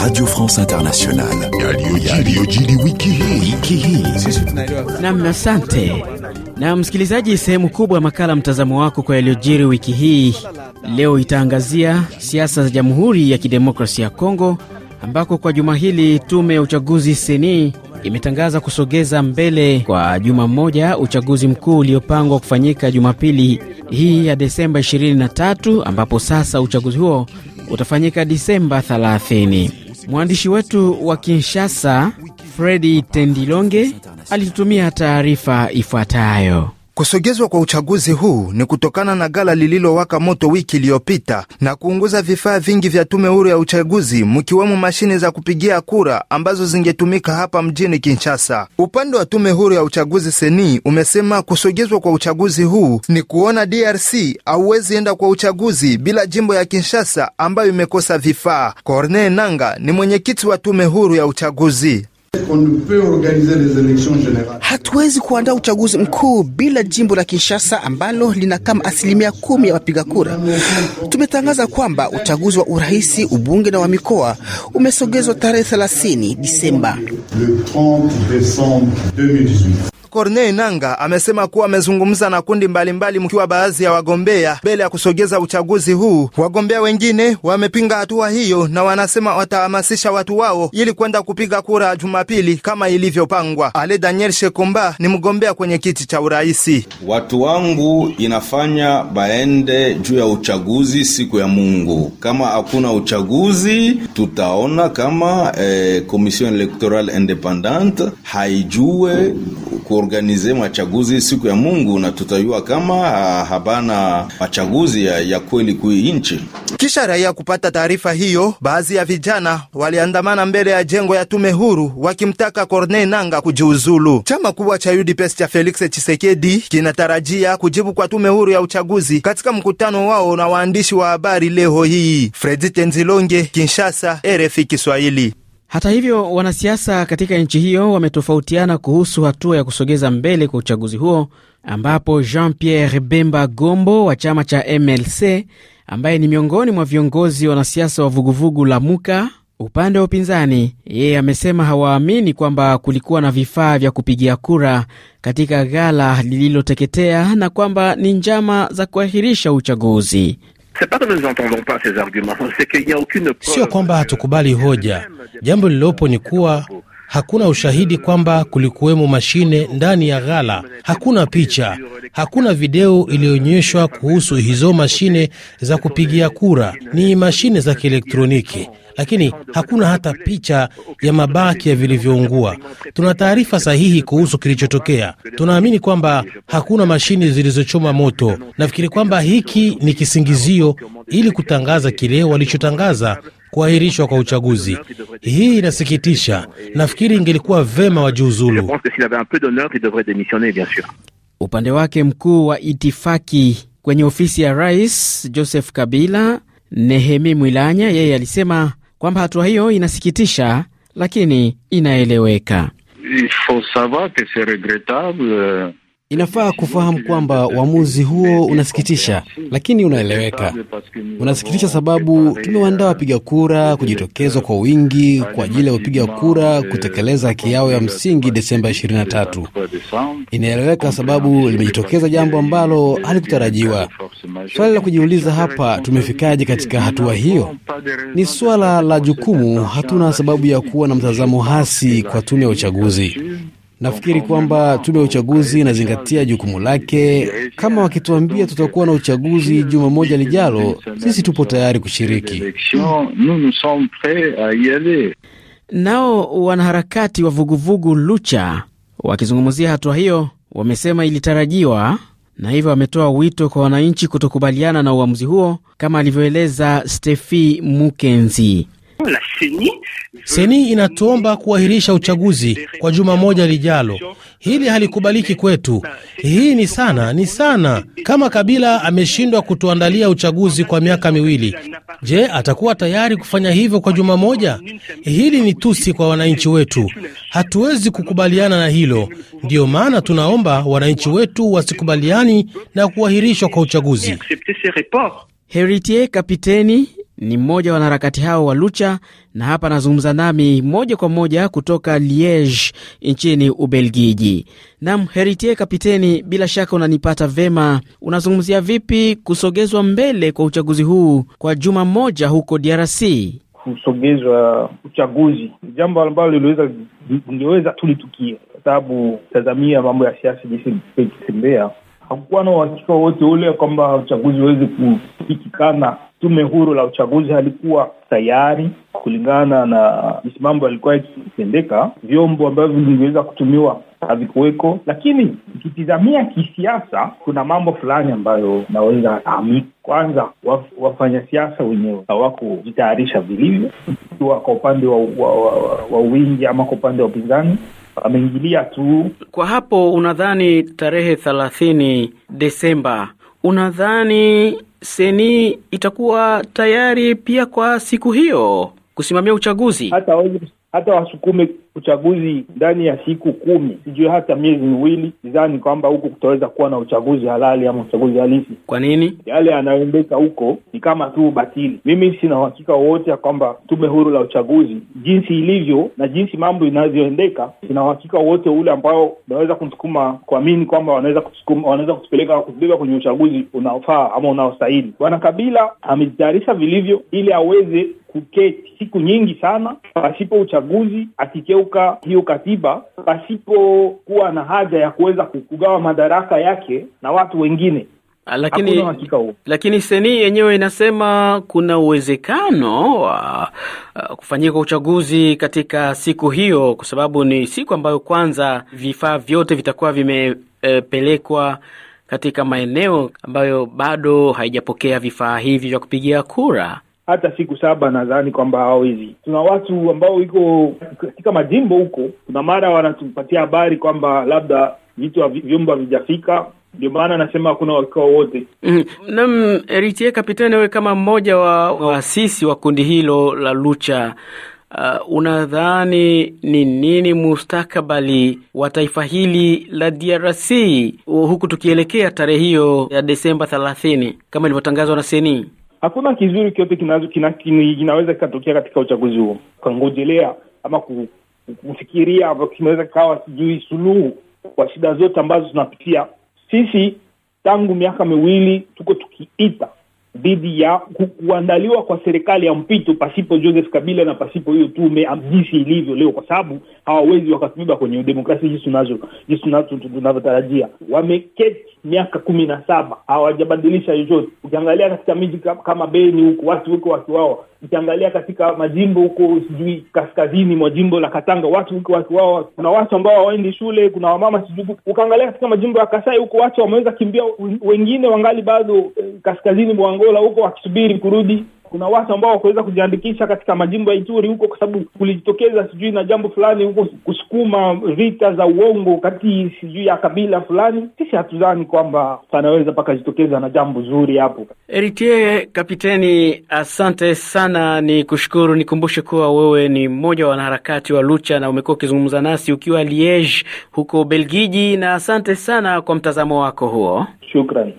Radio France Internationale. wiki Nam, asante na msikilizaji, sehemu kubwa ya makala mtazamo wako kwa yaliyojiri wiki hii leo itaangazia siasa za Jamhuri ya Kidemokrasia ya Kongo ambako kwa juma hili tume ya uchaguzi seni imetangaza kusogeza mbele kwa juma moja uchaguzi mkuu uliopangwa kufanyika Jumapili hii ya Desemba 23 ambapo sasa uchaguzi huo utafanyika Disemba 30. Mwandishi wetu wa Kinshasa Fredi Tendilonge alitutumia taarifa ifuatayo. Kusogezwa kwa uchaguzi huu ni kutokana na gala lililowaka moto wiki iliyopita na kuunguza vifaa vingi vya tume huru ya uchaguzi, mkiwemo mashine za kupigia kura ambazo zingetumika hapa mjini Kinshasa. Upande wa tume huru ya uchaguzi seni umesema kusogezwa kwa uchaguzi huu ni kuona DRC auwezi enda kwa uchaguzi bila jimbo ya Kinshasa ambayo imekosa vifaa. Corne Nanga ni mwenyekiti wa tume huru ya uchaguzi. Hatuwezi kuandaa uchaguzi mkuu bila jimbo la Kinshasa ambalo lina kama asilimia kumi ya wapiga kura. Tumetangaza kwamba uchaguzi wa urais, ubunge na wa mikoa umesogezwa tarehe 30 Disemba. Corneille Nanga amesema kuwa amezungumza na kundi mbalimbali, mkiwa baadhi ya wagombea mbele ya kusogeza uchaguzi huu. Wagombea wengine wamepinga hatua hiyo na wanasema watahamasisha watu wao ili kwenda kupiga kura Jumapili kama ilivyopangwa. Ale Daniel Shekomba ni mgombea kwenye kiti cha uraisi. Watu wangu inafanya baende juu ya uchaguzi siku ya Mungu. Kama hakuna uchaguzi, tutaona kama eh, Commission Electoral Independent haijue ku kuorganize machaguzi siku ya Mungu na tutajua kama ah, habana machaguzi ya, ya kweli kui nchi. Kisha raia kupata taarifa hiyo, baadhi ya vijana waliandamana mbele ya jengo ya tume huru wakimtaka Corneille nanga kujiuzulu. Chama kubwa cha UDPS cha Felix chisekedi kinatarajia kujibu kwa tume huru ya uchaguzi katika mkutano wao na waandishi wa habari leo hii. Fredi Tenzilonge, Kinshasa, RFI Kiswahili. Hata hivyo, wanasiasa katika nchi hiyo wametofautiana kuhusu hatua ya kusogeza mbele kwa uchaguzi huo, ambapo Jean Pierre Bemba Gombo wa chama cha MLC ambaye ni miongoni mwa viongozi wanasiasa wa vuguvugu la Muka upande wa upinzani, yeye amesema hawaamini kwamba kulikuwa na vifaa vya kupigia kura katika ghala lililoteketea na kwamba ni njama za kuahirisha uchaguzi. Sio kwamba hatukubali hoja, jambo lililopo ni kuwa hakuna ushahidi kwamba kulikuwemo mashine ndani ya ghala. Hakuna picha, hakuna video iliyoonyeshwa kuhusu hizo mashine za kupigia kura. Ni mashine za kielektroniki lakini hakuna hata picha ya mabaki ya vilivyoungua. Tuna taarifa sahihi kuhusu kilichotokea. Tunaamini kwamba hakuna mashine zilizochoma moto. Nafikiri kwamba hiki ni kisingizio ili kutangaza kile walichotangaza kuahirishwa kwa uchaguzi. Hii inasikitisha. Nafikiri ingelikuwa vema wajiuzulu. Upande wake mkuu wa itifaki kwenye ofisi ya rais Joseph Kabila, Nehemi Mwilanya, yeye alisema kwamba hatua hiyo inasikitisha, lakini inaeleweka. Euh, Inafaa kufahamu kwamba uamuzi huo unasikitisha, lakini unaeleweka. Unasikitisha sababu euh, tumewaandaa wapiga kura kujitokeza kwa wingi kwa ajili ya kupiga kura euh, kutekeleza haki yao ya msingi Desemba 23. Inaeleweka sababu limejitokeza jambo ambalo halikutarajiwa. Swala la kujiuliza hapa, tumefikaje katika hatua hiyo? Ni swala la jukumu. Hatuna sababu ya kuwa na mtazamo hasi kwa tume ya uchaguzi. Nafikiri kwamba tume ya uchaguzi inazingatia jukumu lake. Kama wakituambia tutakuwa na uchaguzi juma moja lijalo, sisi tupo tayari kushiriki. Nao wanaharakati wa vuguvugu Lucha wakizungumzia hatua hiyo, wamesema ilitarajiwa na hivyo ametoa wito kwa wananchi kutokubaliana na uamuzi huo, kama alivyoeleza Stefi Mukenzi. La Seni inatuomba kuahirisha uchaguzi kwa juma moja lijalo. Hili halikubaliki kwetu. Hii ni sana, ni sana. Kama Kabila ameshindwa kutuandalia uchaguzi kwa miaka miwili, je, atakuwa tayari kufanya hivyo kwa juma moja? Hili ni tusi kwa wananchi wetu. Hatuwezi kukubaliana na hilo. Ndiyo maana tunaomba wananchi wetu wasikubaliani na kuahirishwa kwa uchaguzi. Heritier Kapiteni ni mmoja wa wanaharakati hao wa Lucha na hapa anazungumza nami moja kwa moja kutoka Liege nchini Ubelgiji. Nam Heritier Kapiteni, bila shaka unanipata vema. Unazungumzia vipi kusogezwa mbele kwa uchaguzi huu kwa juma moja huko DRC? Kusogezwa uchaguzi jambo ambalo liliweza lingeweza tulitukia kwa sababu tazamia mambo ya siasa jinsi ikitembea, hakukuwa na uhakika wote ule kwamba uchaguzi uweze kufikikana tume huru la uchaguzi halikuwa tayari kulingana na misimambo yalikuwa yakitendeka. Vyombo ambavyo viliweza kutumiwa havikuweko, lakini ikitizamia kisiasa, kuna mambo fulani ambayo naweza ami Kwanza, waf, siasa wenyewe hawakujitayarisha vilivyo, ikiwa kwa upande wa, wa, wa, wa wingi ama kwa upande wa upinzani wameingilia tu. Kwa hapo, unadhani tarehe thelathini Desemba Unadhani seni itakuwa tayari pia kwa siku hiyo kusimamia uchaguzi? Hata wasukume uchaguzi ndani ya siku kumi, sijui hata miezi miwili, sidhani kwamba huku kutaweza kuwa na uchaguzi halali ama uchaguzi halisi. Kwa nini yale yanayoendeka huko ni kama tu batili? Mimi sina uhakika wowote ya kwamba tume huru la uchaguzi jinsi ilivyo na jinsi mambo inavyoendeka, sina uhakika wowote ule ambao unaweza kumsukuma kuamini kwamba wanaweza wanaweza kutupeleka kutubeba kwenye uchaguzi unaofaa ama unaostahili. Bwana Kabila amejitayarisha vilivyo ili aweze kuketi siku nyingi sana pasipo uchaguzi atikie kutoka hiyo katiba kuwa na haja ya kuweza kugawa madaraka yake na watu wengine. Lakini, lakini seni yenyewe inasema kuna uwezekano wa uh, kufanyika uchaguzi katika siku hiyo, kwa sababu ni siku ambayo kwanza vifaa vyote vitakuwa vimepelekwa e, katika maeneo ambayo bado haijapokea vifaa hivi vya kupigia kura hata siku saba nadhani kwamba hawawezi. Tuna watu ambao iko katika majimbo huko, kuna mara wanatupatia habari kwamba labda vitu vyombo havijafika ndio maana anasema hakuna wakiwa wote mm. Nam Eritie Kapitani, wewe kama mmoja wa waasisi wa kundi hilo la Lucha, uh, unadhani ni nini mustakabali wa taifa hili la DRC huku tukielekea tarehe hiyo ya Desemba thelathini kama ilivyotangazwa na Seni? hakuna kizuri kiote kinaweza kina, kina, kikatokea katika uchaguzi huo, kangojelea ama kufikiria kinaweza kikawa sijui suluhu kwa shida zote ambazo tunapitia sisi. Tangu miaka miwili tuko tukiita dhidi ya kuandaliwa kwa serikali ya mpito pasipo Joseph Kabila na pasipo hiyo tume jinsi ilivyo leo, kwa sababu hawawezi wakatubeba kwenye demokrasia jinsi tunavyotarajia. Wameketi miaka kumi na saba hawajabadilisha chochote. Ukiangalia katika miji kama Beni huko watu huko wakiwao, ukiangalia katika majimbo huko sijui kaskazini mwa jimbo la Katanga watu huko wakiwao, kuna watu ambao hawaendi shule, kuna wamama sijui. Ukaangalia katika majimbo ya Kasai huko watu wameweza kimbia, wengine wangali bado eh, kaskazini mwa Angola huko wakisubiri kurudi kuna watu ambao wakuweza kujiandikisha katika majimbo ya Ituri huko, kwa sababu kulijitokeza sijui na jambo fulani huko, kusukuma vita za uongo kati sijui ya kabila fulani. Sisi hatuzani kwamba panaweza pakajitokeza na jambo zuri hapo. Eritie Kapiteni, asante sana, ni kushukuru. Nikumbushe kuwa wewe ni mmoja wa wanaharakati wa Lucha na umekuwa ukizungumza nasi ukiwa Liege huko Belgiji, na asante sana kwa mtazamo wako huo, shukran.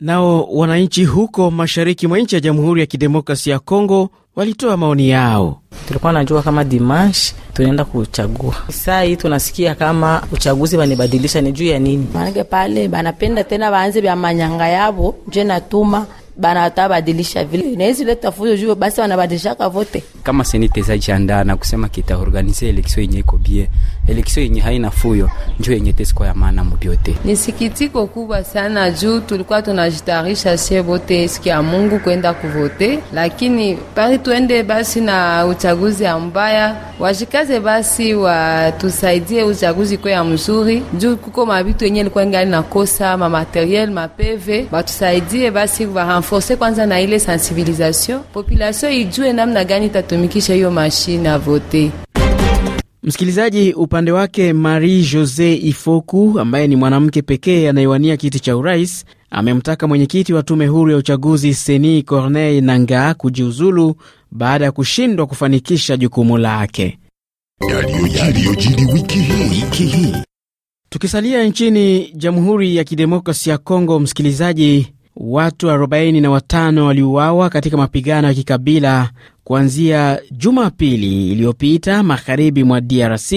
Nao wananchi huko mashariki mwa nchi ya Jamhuri ya Kidemokrasi ya Kongo walitoa maoni yao. Tulikuwa najua kama dimash tunaenda kuchagua, saa hii tunasikia kama uchaguzi wanibadilisha, ni juu ya nini? Maanake pale banapenda tena waanze vya manyanga yavo, je natuma banata badilisha vile nahizi leta fujo juu basi wanabadilishaka vote. Kama senete janda na kusema kita organize election yenye iko bie, election yenye haina fuyo njoo yenye tesiko ya maana mbiote Ni sikitiko kubwa sana juu tulikuwa tunajitarisha sie vote siku ya Mungu kwenda kuvote, lakini pari tuende basi na uchaguzi ambaya washikaze basi watusaidie uchaguzi kwa ya mzuri juu kuko mabitu yenye ilikuwa ngali nakosa ma materiel mapeve batusaidie basi wa renforce kwanza na ile sensibilisation population ijue namna gani itatumikisha hiyo mashine ya Msikilizaji, upande wake Marie Jose Ifoku ambaye ni mwanamke pekee anayewania kiti cha urais amemtaka mwenyekiti wa tume huru ya uchaguzi Seni Corneille Nangaa kujiuzulu baada ya kushindwa kufanikisha jukumu lake. Tukisalia nchini Jamhuri ya Kidemokrasi ya Kongo, msikilizaji, watu 45 waliuawa katika mapigano ya kikabila kuanzia Jumapili iliyopita magharibi mwa DRC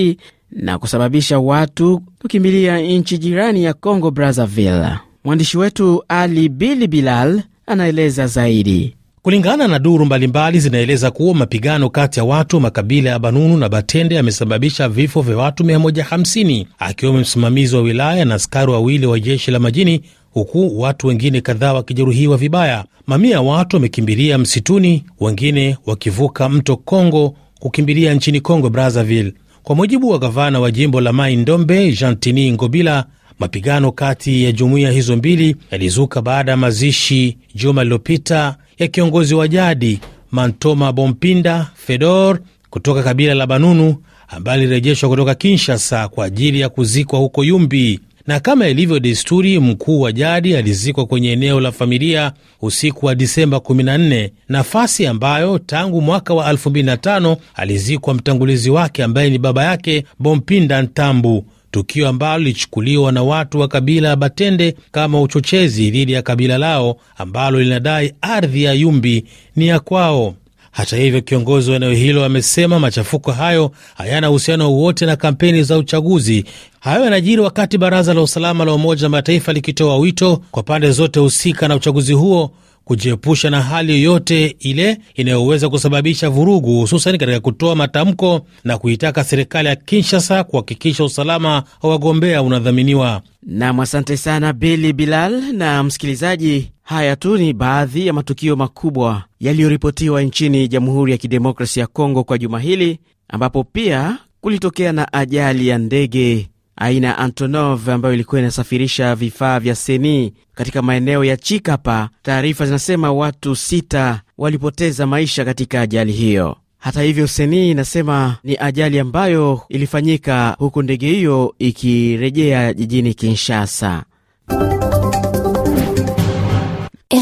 na kusababisha watu kukimbilia nchi jirani ya Congo brazaville Mwandishi wetu Ali Bili Bilal anaeleza zaidi. Kulingana na duru mbalimbali zinaeleza kuwa mapigano kati ya watu wa makabila ya Banunu na Batende yamesababisha vifo vya watu 150 akiwemo msimamizi wa wilaya na askari wawili wa jeshi la majini huku watu wengine kadhaa wakijeruhiwa vibaya. Mamia ya watu wamekimbilia msituni, wengine wakivuka mto Kongo kukimbilia nchini Kongo Brazzaville. Kwa mujibu wa gavana wa jimbo la Mai Ndombe, Jantini Ngobila, mapigano kati ya jumuiya hizo mbili yalizuka baada ya mazishi juma lililopita ya kiongozi wa jadi Mantoma Bompinda Fedor kutoka kabila la Banunu ambaye alirejeshwa kutoka Kinshasa kwa ajili ya kuzikwa huko Yumbi na kama ilivyo desturi, mkuu wa jadi alizikwa kwenye eneo la familia usiku wa Disemba 14, nafasi ambayo tangu mwaka wa 2005 alizikwa mtangulizi wake ambaye ni baba yake Bompinda Ntambu, tukio ambalo lilichukuliwa na watu wa kabila ya Batende kama uchochezi dhidi ya kabila lao ambalo linadai ardhi ya Yumbi ni ya kwao. Hata hivyo, kiongozi wa eneo hilo amesema machafuko hayo hayana uhusiano wowote na kampeni za uchaguzi. Hayo yanajiri wakati baraza la usalama la Umoja wa Mataifa likitoa wito kwa pande zote husika na uchaguzi huo kujiepusha na hali yoyote ile inayoweza kusababisha vurugu, hususan katika kutoa matamko na kuitaka serikali ya Kinshasa kuhakikisha usalama wa wagombea unadhaminiwa. Nam, asante sana Beli Bilal. Na msikilizaji, haya tu ni baadhi ya matukio makubwa yaliyoripotiwa nchini Jamhuri ya Kidemokrasi ya Kongo kwa juma hili, ambapo pia kulitokea na ajali ya ndege aina ya Antonov ambayo ilikuwa inasafirisha vifaa vya seni katika maeneo ya Chikapa. Taarifa zinasema watu sita walipoteza maisha katika ajali hiyo. Hata hivyo, seni inasema ni ajali ambayo ilifanyika huku ndege hiyo ikirejea jijini Kinshasa.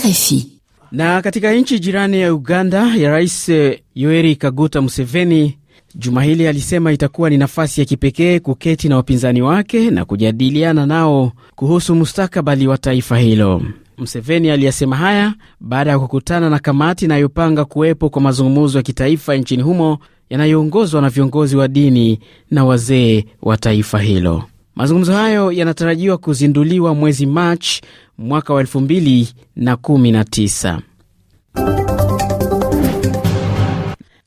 RFI. Na katika nchi jirani ya Uganda ya Rais Yoweri Kaguta Museveni Juma hili alisema itakuwa ni nafasi ya kipekee kuketi na wapinzani wake na kujadiliana nao kuhusu mustakabali wa taifa hilo. mseveni aliyasema haya baada ya kukutana na kamati inayopanga kuwepo kwa mazungumuzo ya kitaifa nchini humo yanayoongozwa na viongozi wa dini na wazee wa taifa hilo. Mazungumzo hayo yanatarajiwa kuzinduliwa mwezi Machi mwaka wa 219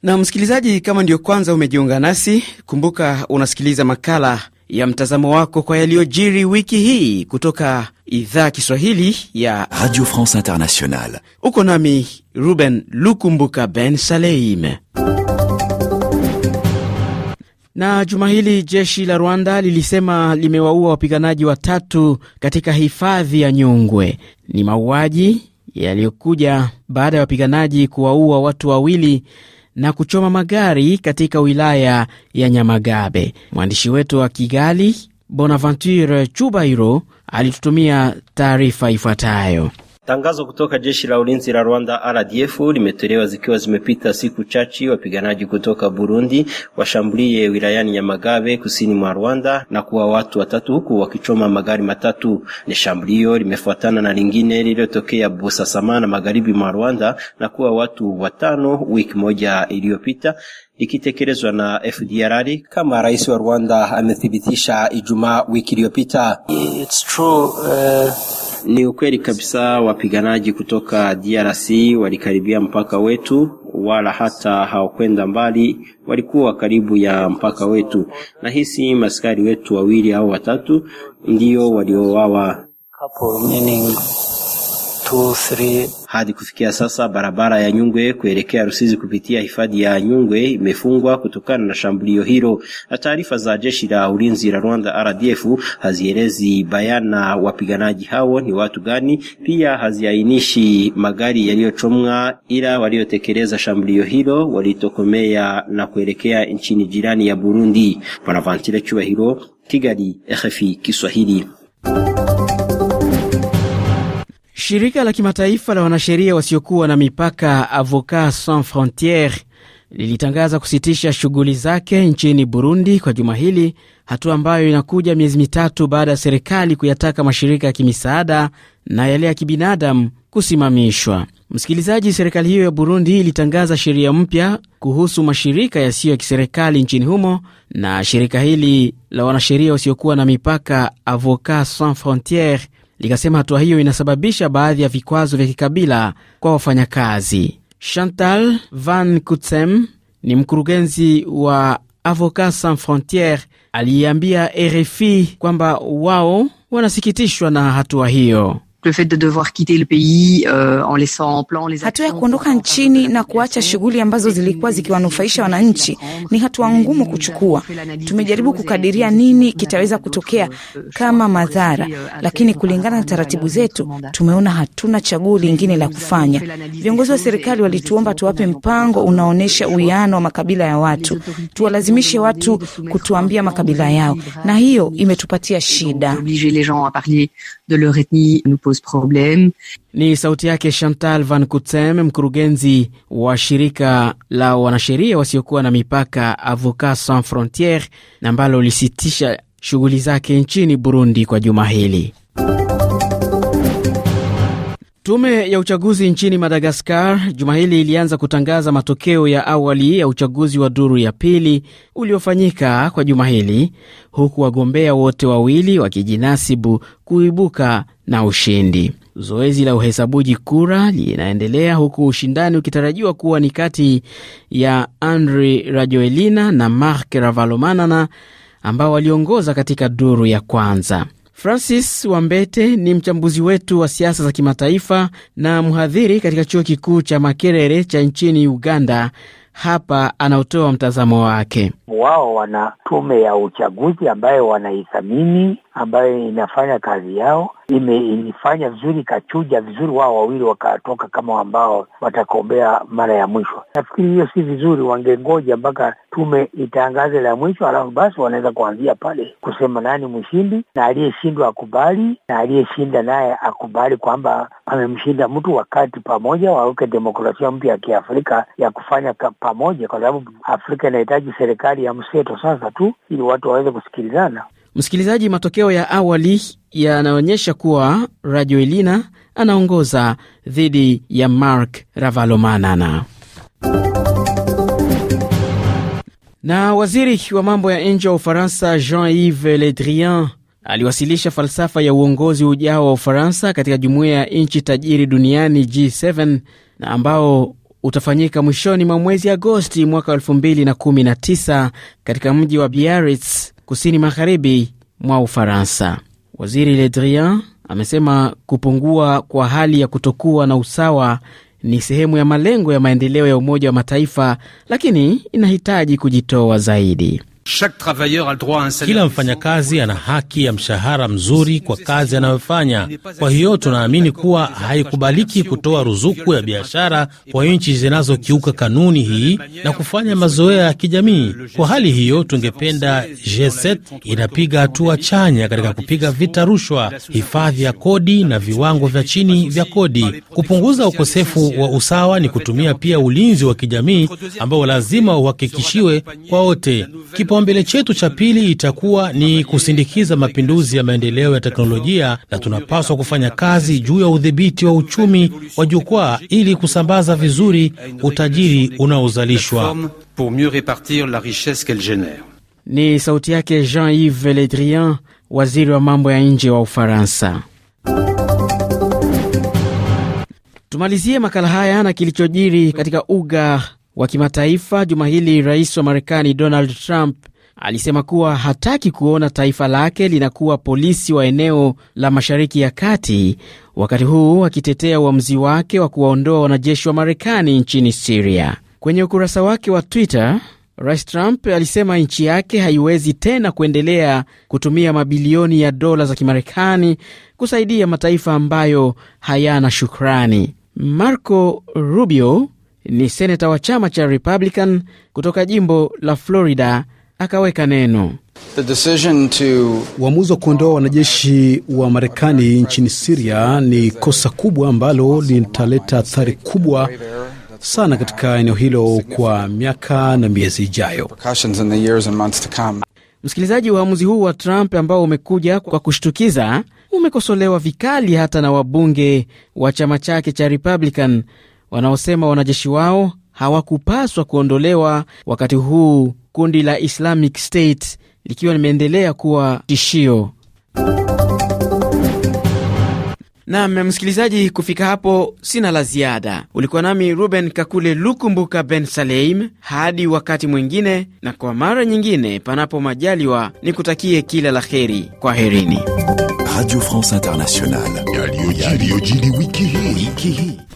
Na msikilizaji, kama ndiyo kwanza umejiunga nasi, kumbuka unasikiliza makala ya mtazamo wako kwa yaliyojiri wiki hii kutoka idhaa Kiswahili ya Radio France Internationale. Uko nami Ruben Lukumbuka Ben Saleim. Na juma hili jeshi la Rwanda lilisema limewaua wapiganaji watatu katika hifadhi ya Nyungwe. Ni mauaji yaliyokuja baada ya wapiganaji kuwaua watu wawili na kuchoma magari katika wilaya ya Nyamagabe. Mwandishi wetu wa Kigali Bonaventure Chubairo alitutumia taarifa ifuatayo. Tangazo kutoka jeshi la ulinzi la Rwanda RDF limetolewa zikiwa zimepita siku chache wapiganaji kutoka Burundi washambulie wilayani ya Magabe kusini mwa Rwanda na kuwa watu watatu huku wakichoma magari matatu. Ni shambulio limefuatana na lingine lililotokea Busasamana magharibi mwa Rwanda na kuwa watu watano wiki moja iliyopita ikitekelezwa na FDLR kama rais wa Rwanda amethibitisha Ijumaa wiki iliyopita. It's true, uh... Ni ukweli kabisa, wapiganaji kutoka DRC walikaribia mpaka wetu, wala hata hawakwenda mbali, walikuwa karibu ya mpaka wetu, na hisi maskari wetu wawili au watatu ndio waliowawa. Hadi kufikia sasa barabara ya Nyungwe kuelekea Rusizi kupitia hifadhi ya Nyungwe imefungwa kutokana na shambulio hilo, na taarifa za jeshi la ulinzi la Rwanda RDF hazielezi bayana wapiganaji hao ni watu gani, pia haziainishi magari yaliyochomwa, ila waliotekeleza shambulio hilo walitokomea na kuelekea nchini jirani ya Burundi. Bonaventure Cyubahiro, Kigali, RFI Kiswahili. Shirika la kimataifa la wanasheria wasiokuwa na mipaka Avocats Sans Frontieres lilitangaza kusitisha shughuli zake nchini Burundi kwa juma hili, hatua ambayo inakuja miezi mitatu baada ya serikali kuyataka mashirika ya kimisaada na yale ya kibinadamu kusimamishwa. Msikilizaji, serikali hiyo ya Burundi ilitangaza sheria mpya kuhusu mashirika yasiyo ya kiserikali nchini humo, na shirika hili la wanasheria wasiokuwa na mipaka Avocats Sans Frontieres likasema hatua hiyo inasababisha baadhi ya vikwazo vya kikabila kwa wafanyakazi. Chantal Van Kutsem ni mkurugenzi wa Avocats Sans Frontieres aliyeambia RFI kwamba wao wanasikitishwa na hatua hiyo. Hatua ya kuondoka nchini na kuacha shughuli ambazo zilikuwa zikiwanufaisha wananchi ni hatua ngumu kuchukua. Tumejaribu kukadiria nini kitaweza kutokea kama madhara, euh, lakini kulingana na taratibu zetu tumeona hatuna chaguo lingine la kufanya. Viongozi wa serikali walituomba tuwape mpango unaonyesha uwiano wa makabila ya watu, tuwalazimishe watu kutuambia makabila yao, na hiyo imetupatia shida. Ni sauti yake Chantal Van Kutem, mkurugenzi wa shirika la wanasheria wasiokuwa na mipaka Avocats Sans Frontieres, na ambalo lisitisha shughuli zake nchini Burundi kwa juma hili. Tume ya uchaguzi nchini Madagaskar juma hili ilianza kutangaza matokeo ya awali ya uchaguzi wa duru ya pili uliofanyika kwa juma hili, huku wagombea wote wawili wakijinasibu kuibuka na ushindi. Zoezi la uhesabuji kura linaendelea huku ushindani ukitarajiwa kuwa ni kati ya Andry Rajoelina na Marc Ravalomanana ambao waliongoza katika duru ya kwanza. Francis Wambete ni mchambuzi wetu wa siasa za kimataifa na mhadhiri katika chuo kikuu cha Makerere cha nchini Uganda. Hapa anaotoa mtazamo wake. Wao wana tume ya uchaguzi ambayo wanaithamini ambayo inafanya kazi yao, imeifanya vizuri, ikachuja vizuri, wao wawili wakatoka kama ambao watakombea mara ya mwisho. Nafikiri hiyo si vizuri, wangengoja mpaka tume itangaze la mwisho, alafu basi wanaweza kuanzia pale kusema nani mshindi, na aliyeshindwa akubali, na aliyeshinda naye akubali kwamba amemshinda mtu, wakati pamoja waweke demokrasia mpya ya Kiafrika ya kufanya pamoja, kwa sababu Afrika inahitaji serikali ya mseto sasa tu, ili watu waweze kusikilizana. Msikilizaji, matokeo ya awali yanaonyesha kuwa radio Elina anaongoza dhidi ya Marc Ravalomanana. Na waziri wa mambo ya nje wa Ufaransa Jean-Yves Le Drian aliwasilisha falsafa ya uongozi ujao wa Ufaransa katika jumuiya ya nchi tajiri duniani G7 na ambao utafanyika mwishoni mwa mwezi Agosti mwaka 2019 katika mji wa Biarritz kusini magharibi mwa Ufaransa. Waziri ledrian amesema kupungua kwa hali ya kutokuwa na usawa ni sehemu ya malengo ya maendeleo ya Umoja wa Mataifa, lakini inahitaji kujitoa zaidi. Kila mfanyakazi ana haki ya mshahara mzuri kwa kazi anayofanya. Kwa hiyo tunaamini kuwa haikubaliki kutoa ruzuku ya biashara kwa nchi zinazokiuka kanuni hii na kufanya mazoea ya kijamii. Kwa hali hiyo, tungependa G7 inapiga hatua chanya katika kupiga vita rushwa, hifadhi ya kodi na viwango vya chini vya kodi. Kupunguza ukosefu wa usawa ni kutumia pia ulinzi wa kijamii ambao lazima uhakikishiwe kwa wote. Kipaumbele chetu cha pili itakuwa ni kusindikiza mapinduzi ya maendeleo ya teknolojia, na tunapaswa kufanya kazi juu ya udhibiti wa uchumi wa jukwaa ili kusambaza vizuri utajiri unaozalishwa. Ni sauti yake Jean-Yves Le Drian, waziri wa mambo ya nje wa Ufaransa. Tumalizie makala haya na kilichojiri katika uga wa kimataifa juma hili, rais wa Marekani Donald Trump alisema kuwa hataki kuona taifa lake linakuwa polisi wa eneo la Mashariki ya Kati, wakati huu akitetea uamuzi wake wa kuwaondoa wanajeshi wa Marekani nchini Siria. Kwenye ukurasa wake wa Twitter, Rais Trump alisema nchi yake haiwezi tena kuendelea kutumia mabilioni ya dola za Kimarekani kusaidia mataifa ambayo hayana shukrani. Marco Rubio ni seneta wa chama cha Republican kutoka jimbo la Florida akaweka neno. Uamuzi wa kuondoa wanajeshi wa Marekani nchini Siria ni kosa kubwa ambalo litaleta athari kubwa sana katika eneo hilo kwa miaka na miezi ijayo. Msikilizaji, uamuzi huu wa Trump ambao umekuja kwa kushtukiza umekosolewa vikali hata na wabunge wa chama chake cha Republican wanaosema wanajeshi wao hawakupaswa kuondolewa wakati huu kundi la Islamic State likiwa limeendelea kuwa tishio. Nam msikilizaji, kufika hapo sina la ziada. Ulikuwa nami Ruben Kakule Lukumbuka Ben Saleim, hadi wakati mwingine, na kwa mara nyingine, panapo majaliwa, nikutakie kila la heri. Kwa herini. Radio France Internationale, wiki hii.